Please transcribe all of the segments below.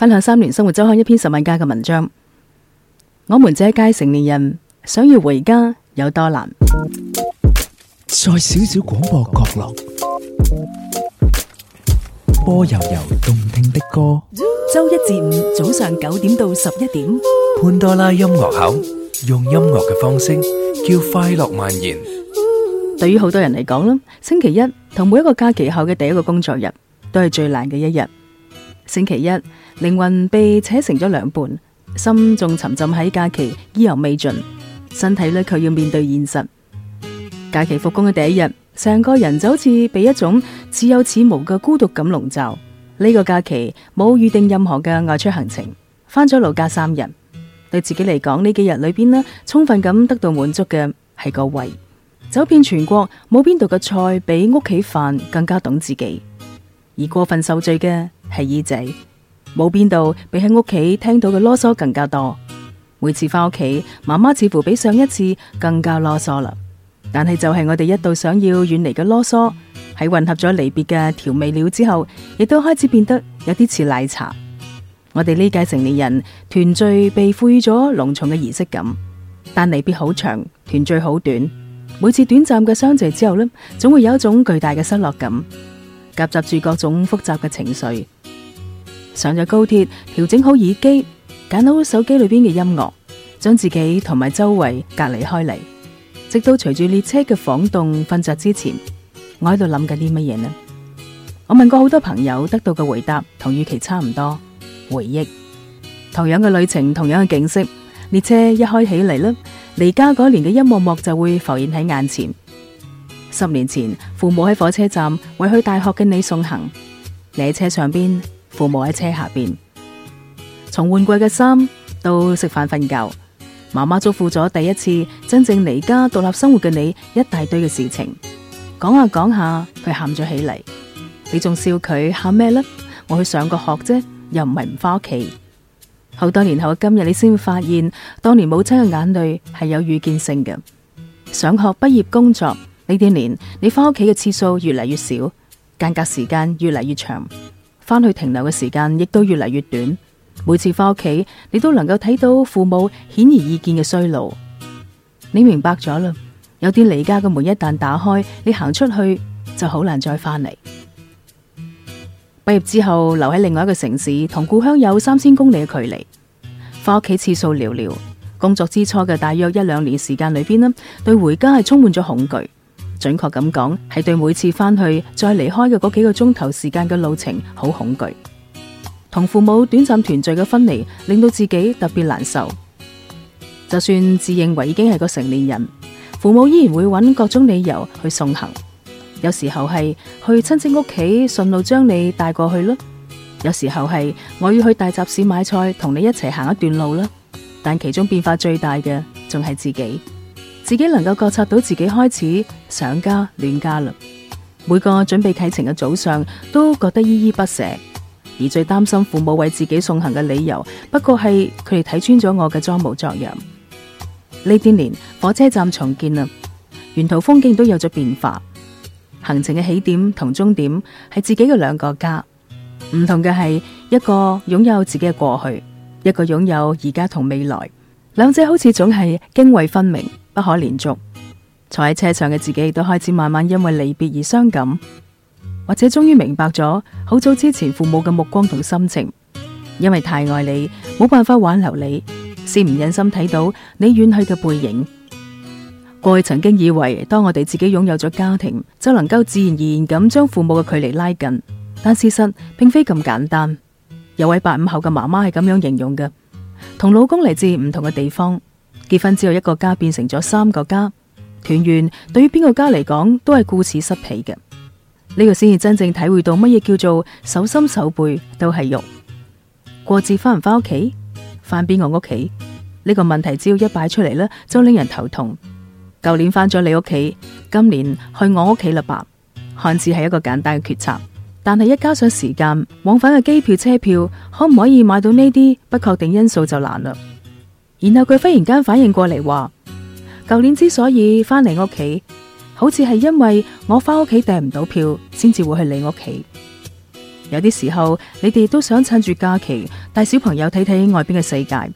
分享三聯生活周刊一篇十萬加嘅文章。我們這一屆成年人想要回家有多難？在小小廣播角落，播悠悠動聽的歌。周一至五早上九點到十一點，潘多拉音樂口用音樂嘅方式，叫快樂蔓延。對於好多人嚟講啦，星期一同每一個假期後嘅第一個工作日，都係最難嘅一日。星期一，靈魂被扯成咗兩半，心仲沉浸喺假期，意猶未盡。身體咧，佢要面對現實。假期復工嘅第一日，成個人就好似被一種似有似無嘅孤獨感籠罩。呢個假期冇預定任何嘅外出行程，翻咗老家三日。對自己嚟講，呢幾日裏邊咧，充分咁得到滿足嘅係個胃。走遍全國，冇邊度嘅菜比屋企飯更加懂自己，而過分受罪嘅。係耳仔冇邊度比喺屋企聽到嘅囉嗦更加多。每次翻屋企，媽媽似乎比上一次更加囉嗦啦。但係就係我哋一度想要遠離嘅囉嗦，喺混合咗離別嘅調味料之後，亦都開始變得有啲似奶茶。我哋呢屆成年人，團聚被賦予咗隆重嘅儀式感，但離別好長，團聚好短。每次短暫嘅相聚之後呢，總會有一種巨大嘅失落感，夾雜住各種複雜嘅情緒。上咗高鐵，調整好耳機，揀好手機裏邊嘅音樂，將自己同埋周圍隔離開嚟，直到隨住列車嘅晃動瞓着之前，我喺度諗緊啲乜嘢呢？我問過好多朋友，得到嘅回答同預期差唔多。回憶，同樣嘅旅程，同樣嘅景色，列車一開起嚟呢，離家嗰年嘅一幕幕就會浮現喺眼前。十年前，父母喺火車站為去大學嘅你送行，你喺車上邊。父母喺車下邊，從換季嘅衫到食飯瞓覺，媽媽囑咐咗第一次真正離家獨立生活嘅你一大堆嘅事情。講下講下，佢喊咗起嚟，你仲笑佢喊咩咧？我去上個學啫，又唔係唔翻屋企。好多年後嘅今日，你先會發現當年母親嘅眼淚係有預見性嘅。上學、畢業、工作呢啲年，你翻屋企嘅次數越嚟越少，間隔時間越嚟越長。翻去停留嘅時間亦都越嚟越短，每次翻屋企，你都能夠睇到父母顯而易見嘅衰老。你明白咗啦，有啲離家嘅門一旦打開，你行出去就好難再翻嚟。畢業之後留喺另外一個城市，同故鄉有三千公里嘅距離，翻屋企次數寥寥。工作之初嘅大約一兩年時間裏邊呢，對回家係充滿咗恐懼。準確咁講，係對每次翻去再離開嘅嗰幾個鐘頭時間嘅路程好恐懼，同父母短暫團聚嘅分離，令到自己特別難受。就算自認為已經係個成年人，父母依然會揾各種理由去送行。有時候係去親戚屋企順路將你帶過去咯，有時候係我要去大集市買菜，同你一齊行一段路啦。但其中變化最大嘅，仲係自己。自己能夠覺察到自己開始想家、戀家啦。每個準備啟程嘅早上都覺得依依不捨，而最擔心父母為自己送行嘅理由，不過係佢哋睇穿咗我嘅裝模作樣。呢啲年，火車站重建啦，沿途風景都有咗變化。行程嘅起點同終點係自己嘅兩個家，唔同嘅係一個擁有自己嘅過去，一個擁有而家同未來。兩者好似總係涇渭分明。不可連續坐喺車上嘅自己都開始慢慢因為離別而傷感，或者終於明白咗，好早之前父母嘅目光同心情，因為太愛你，冇辦法挽留你，先唔忍心睇到你遠去嘅背影。過去曾經以為，當我哋自己擁有咗家庭，就能夠自然而然咁將父母嘅距離拉近，但事實並非咁簡單。有位八五後嘅媽媽係咁樣形容嘅：同老公嚟自唔同嘅地方。結婚之後一個家變成咗三個家，團圓對於邊個家嚟講都係顧此失彼嘅。呢個先至真正體會到乜嘢叫做手心手背都係肉。過節翻唔翻屋企，翻邊個屋企？呢個問題只要一擺出嚟呢就令人頭痛。舊年翻咗你屋企，今年去我屋企啦吧？看似係一個簡單嘅決策，但係一加上時間往返嘅機票車票，可唔可以買到呢啲不確定因素就難啦。然後佢忽然間反應過嚟話：舊年之所以返嚟屋企，好似係因為我翻屋企訂唔到票，先至會去你屋企。有啲時候你哋都想趁住假期帶小朋友睇睇外邊嘅世界，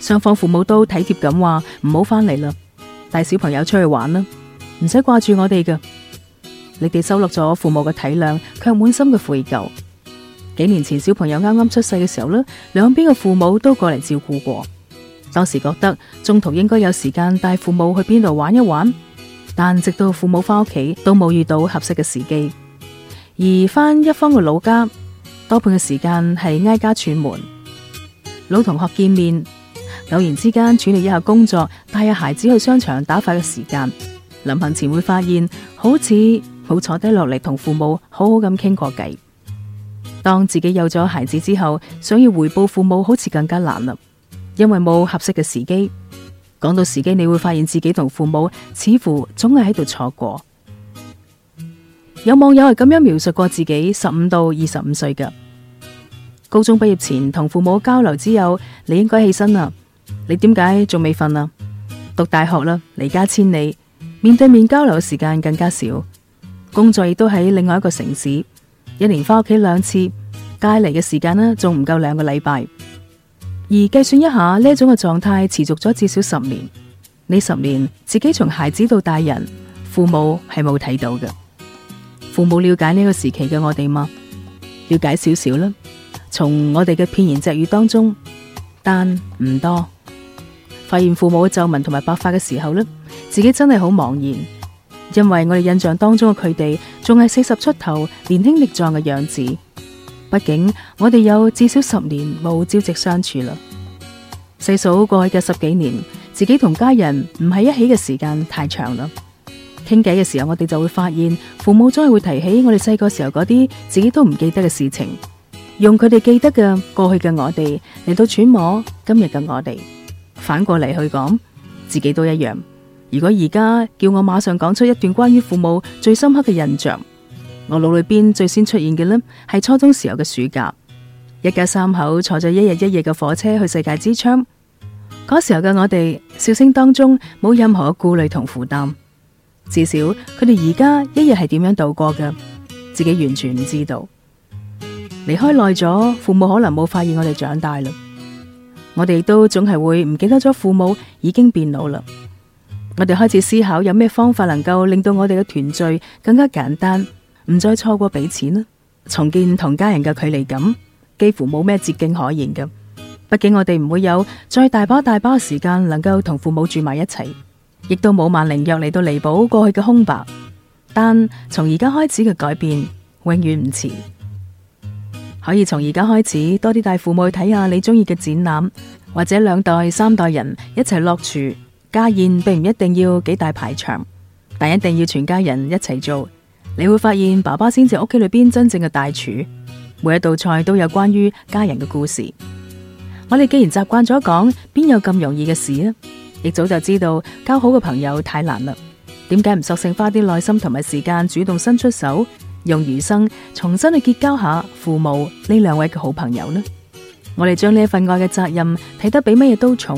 雙方父母都體貼咁話唔好返嚟啦，帶小朋友出去玩啦，唔使掛住我哋噶。你哋收落咗父母嘅體諒，卻滿心嘅悔疚。幾年前小朋友啱啱出世嘅時候咧，兩邊嘅父母都過嚟照顧過。當時覺得中途應該有時間帶父母去邊度玩一玩，但直到父母翻屋企都冇遇到合適嘅時機。而翻一方嘅老家，多半嘅時間係挨家串門，老同學見面，偶然之間處理一下工作，帶下孩子去商場打發嘅時間。臨行前會發現，好似冇坐低落嚟同父母好好咁傾過偈。當自己有咗孩子之後，想要回報父母，好似更加難啦。因為冇合適嘅時機，講到時機，你會發現自己同父母似乎總係喺度錯過。有網友係咁樣描述過自己十五到二十五歲嘅高中畢業前，同父母交流只有你應該起身啦，你點解仲未瞓啊？讀大學啦，離家千里，面對面交流嘅時間更加少，工作亦都喺另外一個城市，一年返屋企兩次，隔離嘅時間呢，仲唔夠兩個禮拜。而計算一下呢種嘅狀態持續咗至少十年，呢十年自己從孩子到大人，父母係冇睇到嘅。父母了解呢個時期嘅我哋嗎？了解少少啦。從我哋嘅片言隻語當中，但唔多發現父母嘅皺紋同埋白髮嘅時候呢，自己真係好茫然，因為我哋印象當中嘅佢哋仲係四十出頭年輕力壯嘅樣子。畢竟我哋有至少十年冇朝夕相處啦。細數過去嘅十幾年，自己同家人唔喺一起嘅時間太長啦。傾偈嘅時候，我哋就會發現，父母總係會提起我哋細個時候嗰啲自己都唔記得嘅事情，用佢哋記得嘅過去嘅我哋嚟到揣摩今日嘅我哋。反過嚟去講，自己都一樣。如果而家叫我馬上講出一段關於父母最深刻嘅印象。我腦裏邊最先出現嘅呢，係初中時候嘅暑假，一家三口坐咗一日一夜嘅火車去世界之窗。嗰時候嘅我哋，笑聲當中冇任何顧慮同負擔。至少佢哋而家一日係點樣度過嘅，自己完全唔知道。離開耐咗，父母可能冇發現我哋長大啦。我哋都總係會唔記得咗，父母已經變老了。我哋開始思考有咩方法能夠令到我哋嘅團聚更加簡單。唔再錯過俾錢啦，重建同家人嘅距離感，幾乎冇咩捷徑可言嘅。畢竟我哋唔會有再大把大把時間能夠同父母住埋一齊，亦都冇萬靈藥嚟到彌補過去嘅空白。但從而家開始嘅改變永遠唔遲，可以從而家開始多啲帶父母去睇下你中意嘅展覽，或者兩代三代人一齊落廚，家宴並唔一定要幾大排場，但一定要全家人一齊做。你會發現，爸爸先至屋企裏邊真正嘅大廚，每一道菜都有關於家人嘅故事。我哋既然習慣咗講，邊有咁容易嘅事啊？亦早就知道交好嘅朋友太難啦。點解唔索性花啲耐心同埋時間，主動伸出手，用餘生重新去結交下父母呢兩位嘅好朋友呢？我哋將呢一份愛嘅責任睇得比乜嘢都重。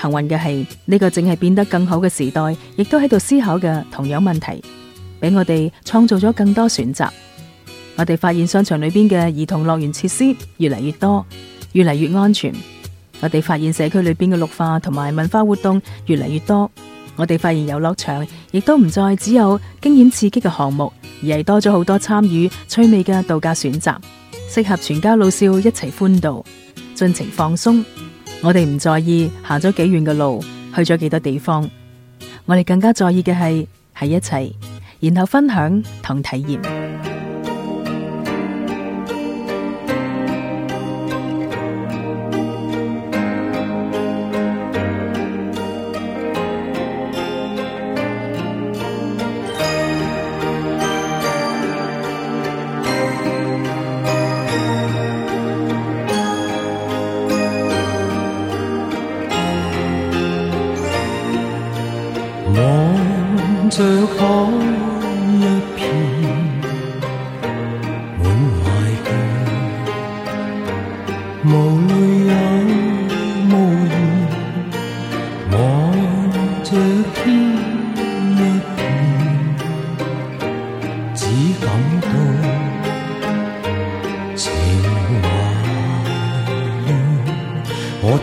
幸運嘅係，呢個正係變得更好嘅時代，亦都喺度思考嘅同樣問題。俾我哋創造咗更多選擇。我哋發現商場裏邊嘅兒童樂園設施越嚟越多，越嚟越安全。我哋發現社區裏邊嘅綠化同埋文化活動越嚟越多。我哋發現遊樂場亦都唔再只有驚險刺激嘅項目，而係多咗好多參與趣味嘅度假選擇，適合全家老少一齊歡度、盡情放鬆。我哋唔在意行咗幾遠嘅路，去咗幾多地方。我哋更加在意嘅係喺一齊。然後分享同體驗。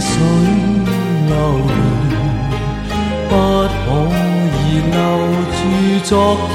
水流年，不可以留住昨天。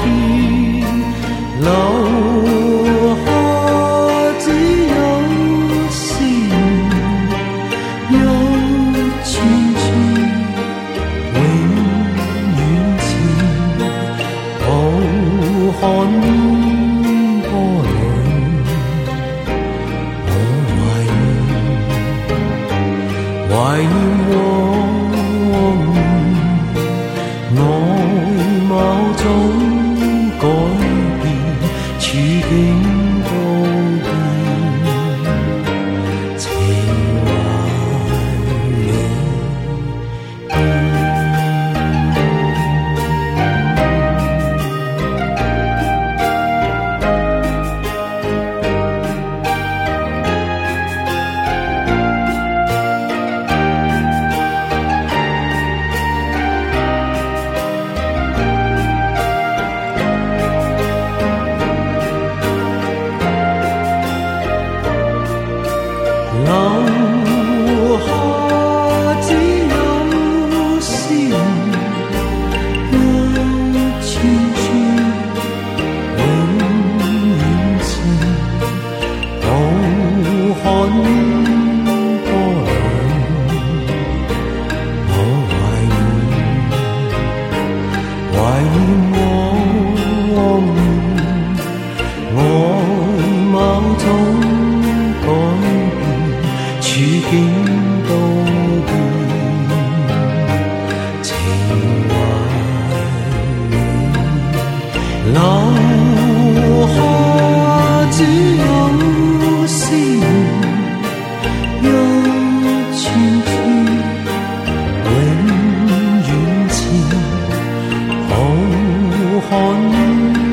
看。